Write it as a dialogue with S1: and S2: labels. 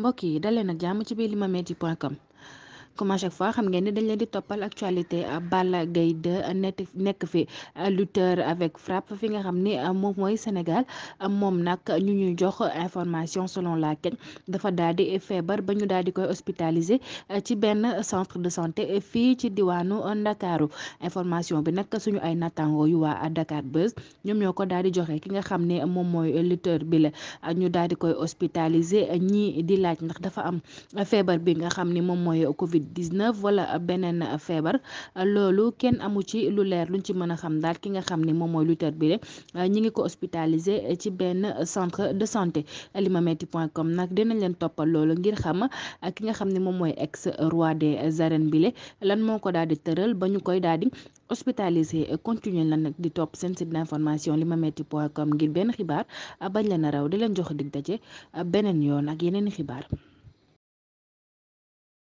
S1: mbokk yi dalee nag jàmm ci biir limametti point com comme à chaque fois xam ngeen ni dañ leen di toppal actualité euh, Balla Gaye 2 euh, net nekk fi euh, lutteur avec frappe fi nga xam ni moom mooy Sénégal moom nag ñu ñuy jox information selon laquelle dafa daal di feebar ba ñu daal di koy hospitaliser ci benn centre de santé fii ci diwaanu Ndakaaru information bi nag suñu ay nattango yu waa Dakar ñoom ñoo ko daal di joxe ki nga xam ne moom mooy lutteur bi la ñu daal di koy hospitaliser ñii di laaj ndax dafa am feebar bi nga xam ni moom mooy Covid covid 19 wala beneen euh, feebar euh, loolu kenn amu ci lu leer luñ ci mën a xam daal ki nga xam ne moom mooy lutteur bi rek euh, ñi ngi ko hospitalisé ci benn centre de santé limametti point comme nag dinañ leen toppal loolu ngir xam ki nga xam ne moom mooy ex roi de arènes bile lan moo ko daal di tëral ba ñu koy daal di hospitalisé continuer la nag di topp seen site d'information limametti point comme ngir benn xibaar bañ leen a raw leen jox dig daje beneen yoon ak yeneen xibaar